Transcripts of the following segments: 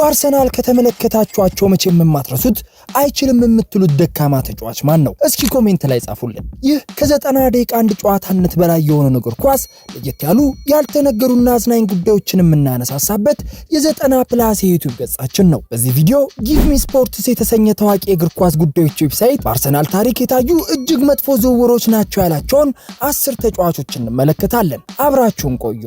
በአርሰናል ከተመለከታችኋቸው መቼ የማትረሱት አይችልም የምትሉት ደካማ ተጫዋች ማን ነው? እስኪ ኮሜንት ላይ ጻፉልን። ይህ ከዘጠና ደቂቃ አንድ ጨዋታነት በላይ የሆነ እግር ኳስ ለየት ያሉ ያልተነገሩና አዝናኝ ጉዳዮችን የምናነሳሳበት የዘጠና ፕላስ የዩቱብ ገጻችን ነው። በዚህ ቪዲዮ ጊቭ ሚ ስፖርትስ የተሰኘ ታዋቂ የእግር ኳስ ጉዳዮች ዌብሳይት በአርሰናል ታሪክ የታዩ እጅግ መጥፎ ዝውውሮች ናቸው ያላቸውን አስር ተጫዋቾች እንመለከታለን። አብራችሁን ቆዩ።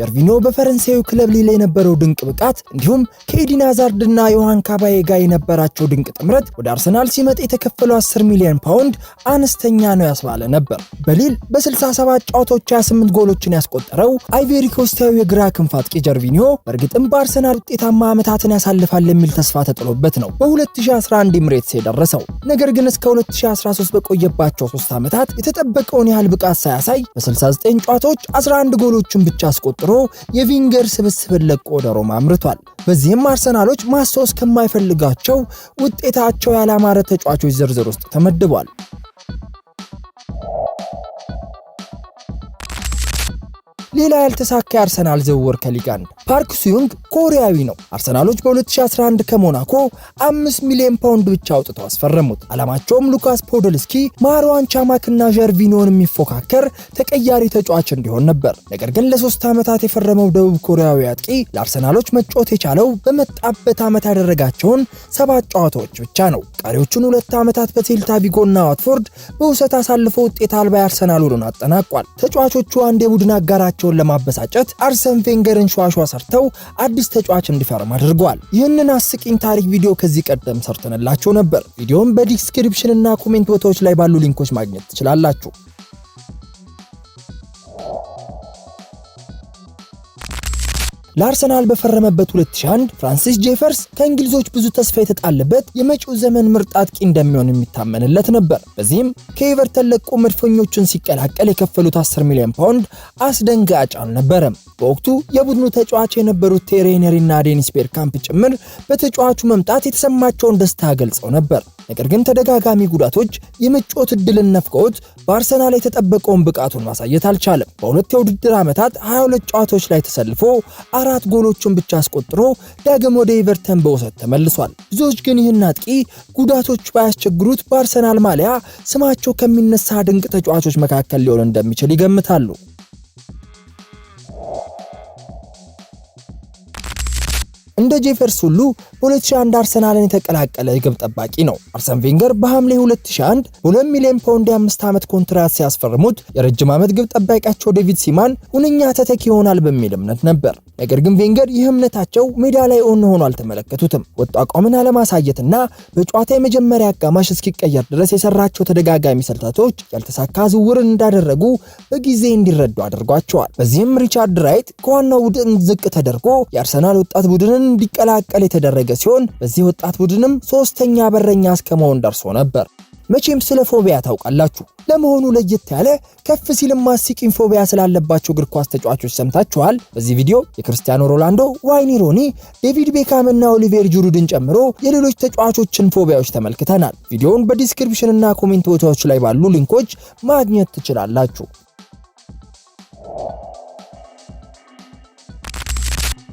ጀርቪኖ በፈረንሳዩ ክለብ ሊል የነበረው ድንቅ ብቃት እንዲሁም ከኤዲን ሃዛርድና ዮሐን ካባዬ ጋር የነበራቸው ድንቅ ጥምረት ወደ አርሰናል ሲመጥ የተከፈለው 10 ሚሊዮን ፓውንድ አነስተኛ ነው ያስባለ ነበር። በሊል በ67 ጨዋታዎች 28 ጎሎችን ያስቆጠረው አይቬሪ ኮስታዊ የግራ ክንፍ አጥቂ ጀርቪኒዮ በእርግጥም በአርሰናል ውጤታማ ዓመታትን ያሳልፋል የሚል ተስፋ ተጥሎበት ነው በ2011 ኤምሬትስ የደረሰው። ነገር ግን እስከ 2013 በቆየባቸው ሶስት ዓመታት የተጠበቀውን ያህል ብቃት ሳያሳይ በ69 ጨዋታዎች 11 ጎሎችን ብቻ አስቆጥሮ ጀምሮ የቪንገር ስብስብን ለቆ ወደ ሮማ አምርቷል። በዚህም አርሰናሎች ማስታወስ ከማይፈልጋቸው ውጤታቸው ያላማረ ተጫዋቾች ዝርዝር ውስጥ ተመድቧል። ሌላ ያልተሳካ የአርሰናል ዝውውር ከሊግ አንድ ፓርክ ሱዩንግ ኮሪያዊ ነው። አርሰናሎች በ2011 ከሞናኮ 5 ሚሊዮን ፓውንድ ብቻ አውጥተው አስፈረሙት። ዓላማቸውም ሉካስ ፖዶልስኪ፣ ማርዋን ቻማክና ዣርቪኖን የሚፎካከር ተቀያሪ ተጫዋች እንዲሆን ነበር። ነገር ግን ለሶስት ዓመታት የፈረመው ደቡብ ኮሪያዊ አጥቂ ለአርሰናሎች መጫወት የቻለው በመጣበት ዓመት ያደረጋቸውን ሰባት ጨዋታዎች ብቻ ነው። ቀሪዎቹን ሁለት ዓመታት በሴልታ ቪጎና ዋትፎርድ በውሰት አሳልፎ ውጤት አልባ የአርሰናል ውሉን አጠናቋል። ተጫዋቾቹ አንድ የቡድን አጋራቸውን ለማበሳጨት አርሰን ቬንገርን ሸዋሸ ሰርተው አዲስ ተጫዋች እንዲፈርም አድርገዋል። ይህንን አስቂኝ ታሪክ ቪዲዮ ከዚህ ቀደም ሰርተንላችሁ ነበር። ቪዲዮም በዲስክሪፕሽንና ኮሜንት ቦታዎች ላይ ባሉ ሊንኮች ማግኘት ትችላላችሁ። ለአርሰናል በፈረመበት 2001 ፍራንሲስ ጄፈርስ ከእንግሊዞች ብዙ ተስፋ የተጣለበት የመጪው ዘመን ምርጥ አጥቂ እንደሚሆን የሚታመንለት ነበር። በዚህም ከኤቨርተን ለቆ መድፈኞቹን ሲቀላቀል የከፈሉት 10 ሚሊዮን ፓውንድ አስደንጋጭ አልነበረም። በወቅቱ የቡድኑ ተጫዋች የነበሩት ቴሪ ሄንሪና ዴኒስ ቤርካምፕ ጭምር በተጫዋቹ መምጣት የተሰማቸውን ደስታ ገልጸው ነበር። ነገር ግን ተደጋጋሚ ጉዳቶች የመጫወት እድልን ነፍቀውት በአርሰናል የተጠበቀውን ብቃቱን ማሳየት አልቻለም። በሁለት የውድድር ዓመታት 22 ጨዋታዎች ላይ ተሰልፎ አራት ጎሎቹን ብቻ አስቆጥሮ ዳግም ወደ ኤቨርተን በውሰት ተመልሷል። ብዙዎች ግን ይህን አጥቂ ጉዳቶች ባያስቸግሩት በአርሰናል ማሊያ ስማቸው ከሚነሳ ድንቅ ተጫዋቾች መካከል ሊሆን እንደሚችል ይገምታሉ። እንደ ጄፈርስ ሁሉ በ2001 አርሰናልን የተቀላቀለ ግብ ጠባቂ ነው። አርሰን ቬንገር በሐምሌ 2001 2 ሚሊዮን ፓውንድ የአምስት ዓመት ኮንትራት ሲያስፈርሙት የረጅም ዓመት ግብ ጠባቂያቸው ዴቪድ ሲማን ሁነኛ ተተኪ ይሆናል በሚል እምነት ነበር። ነገር ግን ቬንገር ይህ እምነታቸው ሜዳ ላይ እውን ሆኖ አልተመለከቱትም። ወጥ አቋምን አለማሳየትና በጨዋታ የመጀመሪያ አጋማሽ እስኪቀየር ድረስ የሰራቸው ተደጋጋሚ ስህተቶች ያልተሳካ ዝውውርን እንዳደረጉ በጊዜ እንዲረዱ አድርጓቸዋል። በዚህም ሪቻርድ ራይት ከዋናው ቡድን ዝቅ ተደርጎ የአርሰናል ወጣት ቡድንን እንዲቀላቀል የተደረገ ሲሆን በዚህ ወጣት ቡድንም ሶስተኛ በረኛ እስከመሆን ደርሶ ነበር። መቼም ስለ ፎቢያ ታውቃላችሁ። ለመሆኑ ለየት ያለ ከፍ ሲል ማስቂኝ ፎቢያ ስላለባቸው እግር ኳስ ተጫዋቾች ሰምታችኋል? በዚህ ቪዲዮ የክርስቲያኖ ሮናልዶ፣ ዋይኒ ሮኒ፣ ዴቪድ ቤካም እና ኦሊቬር ጁሩድን ጨምሮ የሌሎች ተጫዋቾችን ፎቢያዎች ተመልክተናል። ቪዲዮውን በዲስክሪፕሽን እና ኮሜንት ቦታዎች ላይ ባሉ ሊንኮች ማግኘት ትችላላችሁ።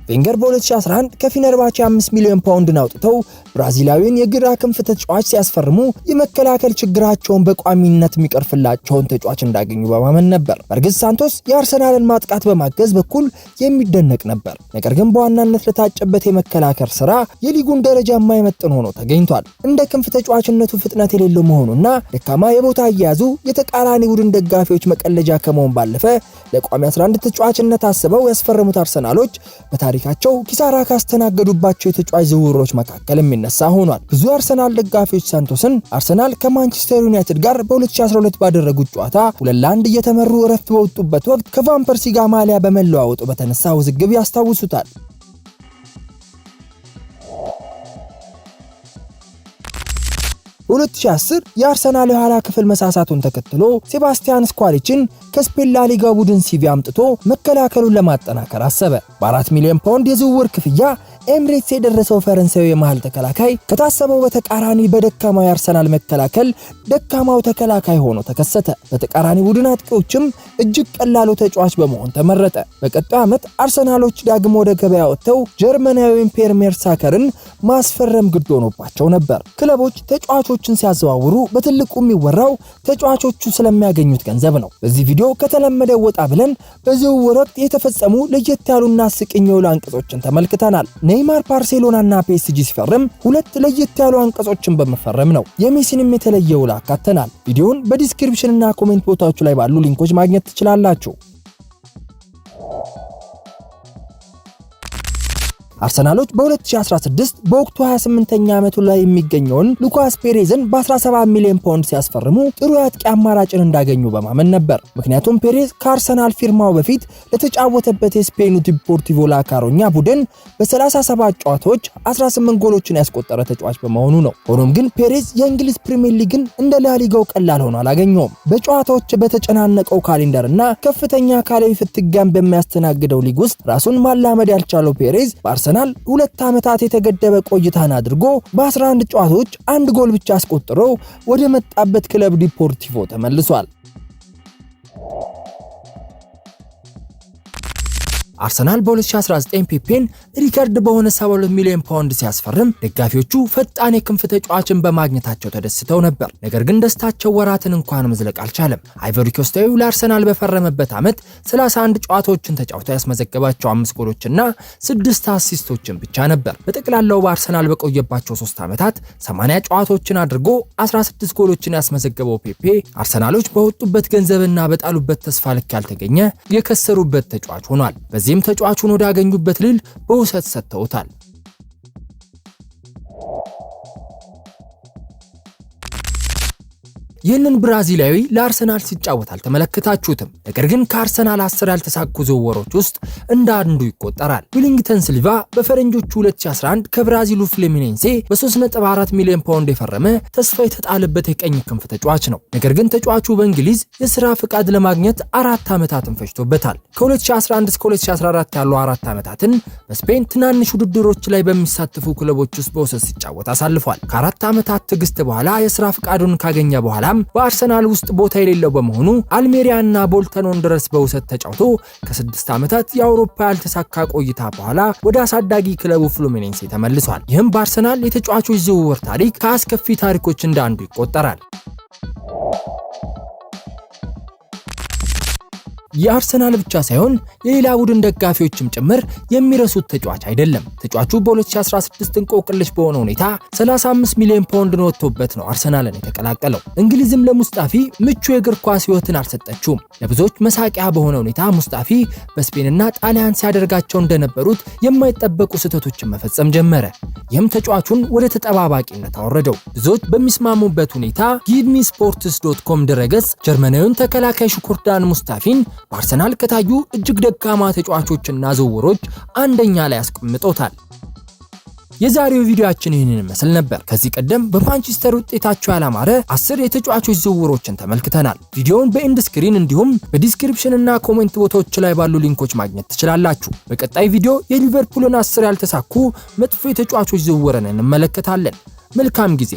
ቬንገር በ2011 ከፊነርባቼ 5 ሚሊዮን ፓውንድን አውጥተው ብራዚላዊውን የግራ ክንፍ ተጫዋች ሲያስፈርሙ የመከላከል ችግራቸውን በቋሚነት የሚቀርፍላቸውን ተጫዋች እንዳገኙ በማመን ነበር። በእርግጥ ሳንቶስ የአርሰናልን ማጥቃት በማገዝ በኩል የሚደነቅ ነበር። ነገር ግን በዋናነት ለታጨበት የመከላከል ስራ የሊጉን ደረጃ የማይመጥን ሆኖ ተገኝቷል። እንደ ክንፍ ተጫዋችነቱ ፍጥነት የሌለው መሆኑና ደካማ የቦታ አያያዙ የተቃራኒ ቡድን ደጋፊዎች መቀለጃ ከመሆን ባለፈ ለቋሚ 11 ተጫዋችነት አስበው ያስፈረሙት አርሰናሎች በታሪ ታሪካቸው ኪሳራ ካስተናገዱባቸው የተጫዋች ዝውውሮች መካከል የሚነሳ ሆኗል። ብዙ አርሰናል ደጋፊዎች ሳንቶስን አርሰናል ከማንቸስተር ዩናይትድ ጋር በ2012 ባደረጉት ጨዋታ ሁለት ለአንድ እየተመሩ እረፍት በወጡበት ወቅት ከቫምፐርሲ ጋር ማሊያ በመለዋወጡ በተነሳ ውዝግብ ያስታውሱታል። በ2010 የአርሰናል የኋላ ክፍል መሳሳቱን ተከትሎ ሴባስቲያን ስኳሪችን ከስፔን ላሊጋ ቡድን ሲቪ አምጥቶ መከላከሉን ለማጠናከር አሰበ። በአራት ሚሊዮን ፓውንድ የዝውውር ክፍያ ኤምሬትስ የደረሰው ፈረንሳዊ የመሃል ተከላካይ ከታሰበው በተቃራኒ በደካማዊ የአርሰናል መከላከል ደካማው ተከላካይ ሆኖ ተከሰተ። በተቃራኒ ቡድን አጥቂዎችም እጅግ ቀላሉ ተጫዋች በመሆን ተመረጠ። በቀጣዩ ዓመት አርሰናሎች ዳግም ወደ ገበያ ወጥተው ጀርመናዊውን ፔር ሜርሳከርን ማስፈረም ግድ ሆኖባቸው ነበር። ክለቦች ተጫዋቾችን ሲያዘዋውሩ በትልቁ የሚወራው ተጫዋቾቹ ስለሚያገኙት ገንዘብ ነው። በዚህ ቪዲዮ ከተለመደ ወጣ ብለን በዝውውር ወቅት የተፈጸሙ ለየት ያሉና አስቂኝ የውል አንቀጾችን ተመልክተናል። ኔይማር ባርሴሎናና ፒኤስጂ ሲፈርም ሁለት ለየት ያሉ አንቀጾችን በመፈረም ነው። የሜሲንም የተለየ ውል አካተናል። ቪዲዮውን በዲስክሪፕሽንና ኮሜንት ቦታዎቹ ላይ ባሉ ሊንኮች ማግኘት ትችላላችሁ። አርሰናሎች በ2016 በወቅቱ 28ኛ ዓመቱ ላይ የሚገኘውን ሉካስ ፔሬዝን በ17 ሚሊዮን ፓውንድ ሲያስፈርሙ ጥሩ የአጥቂ አማራጭን እንዳገኙ በማመን ነበር። ምክንያቱም ፔሬዝ ከአርሰናል ፊርማው በፊት ለተጫወተበት የስፔኑ ዲፖርቲቮ ላካሮኛ ቡድን በ37 ጨዋታዎች 18 ጎሎችን ያስቆጠረ ተጫዋች በመሆኑ ነው። ሆኖም ግን ፔሬዝ የእንግሊዝ ፕሪምየር ሊግን እንደ ላሊጋው ቀላል ሆኖ አላገኘውም። በጨዋታዎች በተጨናነቀው ካሌንደር እና ከፍተኛ አካላዊ ፍትጋን በሚያስተናግደው ሊግ ውስጥ ራሱን ማላመድ ያልቻለው ፔሬዝ አርሰናል ሁለት ዓመታት የተገደበ ቆይታን አድርጎ በ11 ጨዋታዎች አንድ ጎል ብቻ አስቆጥሮ ወደ መጣበት ክለብ ዲፖርቲቮ ተመልሷል። አርሰናል በ2019 ፔፔን ሪከርድ በሆነ 72 ሚሊዮን ፓውንድ ሲያስፈርም ደጋፊዎቹ ፈጣን የክንፍ ተጫዋችን በማግኘታቸው ተደስተው ነበር። ነገር ግን ደስታቸው ወራትን እንኳን መዝለቅ አልቻለም። አይቨሪኮስታዊው ለአርሰናል በፈረመበት ዓመት 31 ጨዋታዎችን ተጫውቶ ያስመዘገባቸው አምስት ጎሎችና ስድስት አሲስቶችን ብቻ ነበር። በጠቅላላው በአርሰናል በቆየባቸው ሶስት ዓመታት 80 ጨዋታዎችን አድርጎ 16 ጎሎችን ያስመዘገበው ፔፔ አርሰናሎች በወጡበት ገንዘብና በጣሉበት ተስፋ ልክ ያልተገኘ የከሰሩበት ተጫዋች ሆኗል። በዚህም ተጫዋቹን ወዳገኙበት ልል በውሰት ሰጥተውታል። ይህንን ብራዚላዊ ለአርሰናል ሲጫወት አልተመለከታችሁትም። ነገር ግን ከአርሰናል አስር ያልተሳኩ ዝውውሮች ውስጥ እንደ አንዱ ይቆጠራል። ዊሊንግተን ሲልቫ በፈረንጆቹ 2011 ከብራዚሉ ፍሌሚኔንሴ በ3.4 ሚሊዮን ፓውንድ የፈረመ ተስፋ የተጣለበት የቀኝ ክንፍ ተጫዋች ነው። ነገር ግን ተጫዋቹ በእንግሊዝ የስራ ፍቃድ ለማግኘት አራት ዓመታትን ፈጅቶበታል። ከ2011 እስከ 2014 ያሉ አራት ዓመታትን በስፔን ትናንሽ ውድድሮች ላይ በሚሳተፉ ክለቦች ውስጥ በውሰት ሲጫወት አሳልፏል። ከአራት ዓመታት ትዕግስት በኋላ የስራ ፍቃዱን ካገኘ በኋላ ቢሰራም በአርሰናል ውስጥ ቦታ የሌለው በመሆኑ አልሜሪያና ቦልተኖን ድረስ በውሰት ተጫውቶ ከስድስት ዓመታት የአውሮፓ ያልተሳካ ቆይታ በኋላ ወደ አሳዳጊ ክለቡ ፍሉሚኔንሴ ተመልሷል። ይህም በአርሰናል የተጫዋቾች ዝውውር ታሪክ ከአስከፊ ታሪኮች እንደ አንዱ ይቆጠራል። የአርሰናል ብቻ ሳይሆን የሌላ ቡድን ደጋፊዎችም ጭምር የሚረሱት ተጫዋች አይደለም። ተጫዋቹ በ2016 እንቆቅልሽ በሆነ ሁኔታ 35 ሚሊዮን ፓውንድን ወጥቶበት ነው አርሰናልን የተቀላቀለው። እንግሊዝም ለሙስጣፊ ምቹ የእግር ኳስ ሕይወትን አልሰጠችውም። ለብዙዎች መሳቂያ በሆነ ሁኔታ ሙስጣፊ በስፔንና ጣሊያን ሲያደርጋቸው እንደነበሩት የማይጠበቁ ስህተቶችን መፈጸም ጀመረ። ይህም ተጫዋቹን ወደ ተጠባባቂነት አወረደው። ብዙዎች በሚስማሙበት ሁኔታ ጊድሚ ስፖርትስ ዶት ኮም ድረገጽ ጀርመናዊውን ተከላካይ ሽኩርዳን ሙስታፊን በአርሰናል ከታዩ እጅግ ደካማ ተጫዋቾችና ዝውውሮች አንደኛ ላይ አስቀምጠውታል። የዛሬው ቪዲዮአችን ይህንን ይመስል ነበር። ከዚህ ቀደም በማንቸስተር ውጤታቸው ያላማረ አስር የተጫዋቾች ዝውውሮችን ተመልክተናል። ቪዲዮውን በኢንድ ስክሪን እንዲሁም በዲስክሪፕሽንና ኮሜንት ቦታዎች ላይ ባሉ ሊንኮች ማግኘት ትችላላችሁ። በቀጣይ ቪዲዮ የሊቨርፑልን አስር ያልተሳኩ መጥፎ የተጫዋቾች ዝውውርን እንመለከታለን። መልካም ጊዜ